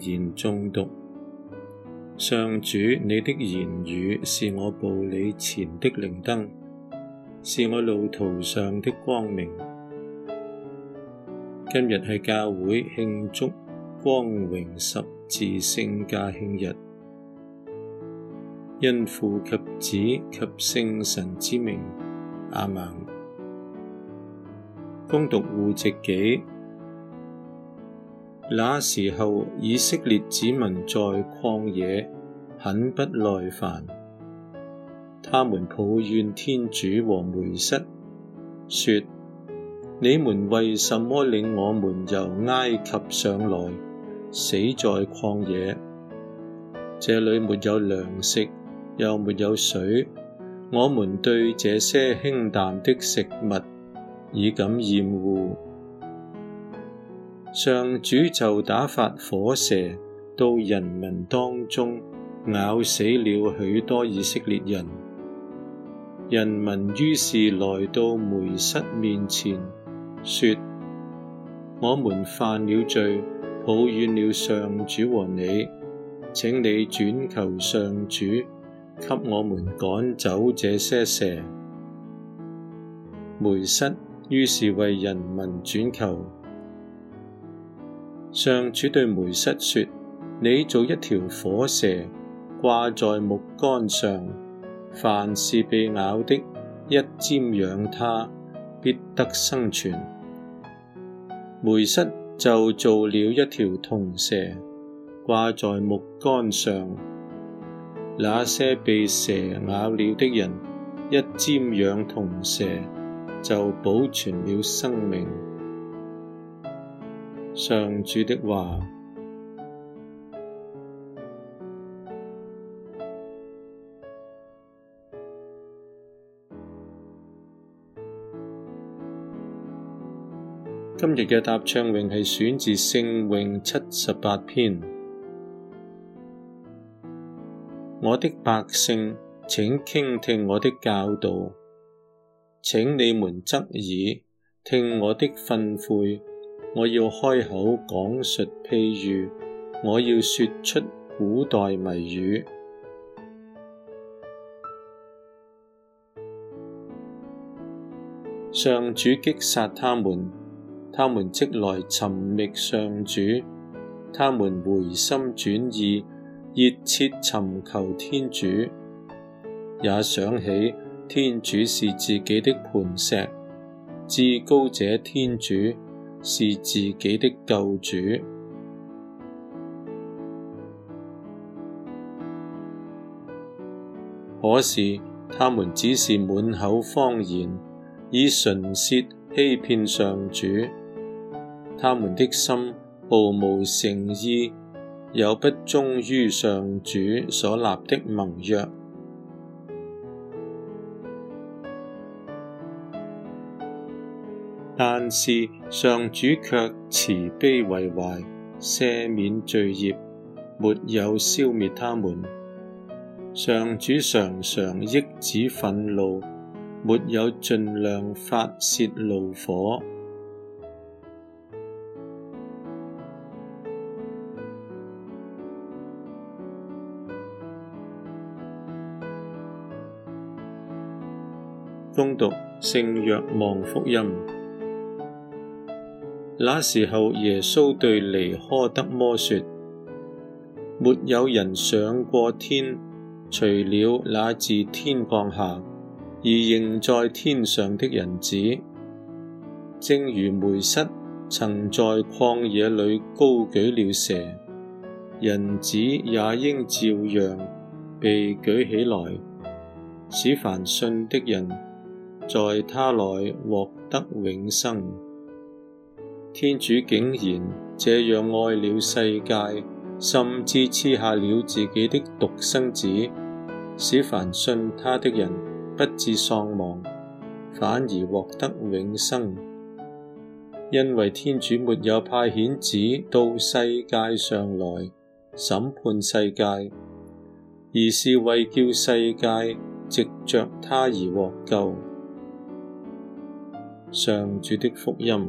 言中毒，上主，你的言語是我步履前的靈燈，是我路途上的光明。今日係教會慶祝光榮十字聖架慶日，因父及子及聖神之名，阿們。恭讀戶籍紀。那時候，以色列子民在曠野，很不耐煩。他們抱怨天主和梅瑟，說：你們為什麼領我們由埃及上來，死在曠野？這裡沒有糧食，又沒有水，我們對這些輕淡的食物已感厭惡。上主就打發火蛇到人民當中，咬死了許多以色列人。人民於是來到梅瑟面前，說：我們犯了罪，抱怨了上主和你，請你轉求上主，給我們趕走這些蛇。梅瑟於是為人民轉求。上主對梅瑟說：你做一條火蛇，掛在木竿上，凡是被咬的，一瞻仰它，必得生存。梅瑟就做了一條銅蛇，掛在木竿上，那些被蛇咬了的人，一瞻仰銅蛇，就保存了生命。上主的話。今日嘅答唱詠係選自聖詠七十八篇。我的百姓，請傾聽我的教導，請你們側耳聽我的訓誨。我要開口講述譬喻，我要說出古代謎語。上主擊殺他們，他們即來尋覓上主，他們回心轉意，熱切尋求天主，也想起天主是自己的磐石，至高者天主，是自己的救主，可是他們只是滿口謊言，以唇舌欺騙上主，他們的心毫無誠意，又不忠於上主所立的盟約。但是上主卻慈悲為懷，赦免罪孽，沒有消滅他們。上主常常抑止憤怒，沒有盡量發洩怒火。恭讀聖若望福音。那時候，耶穌對尼苛德摩說：沒有人上過天，除了那自天降下，而仍在天上的人子。正如梅瑟曾在曠野裡高舉了蛇，人子也應照樣，被舉起來，使凡信的人，在他內獲得永生。天主竟然這樣愛了世界，甚至賜下了自己的獨生子，使凡信他的人，不至喪亡，反而獲得永生。因為天主沒有派遣子到世界上來，審判世界，而是為叫世界藉着他而獲救。上主的福音。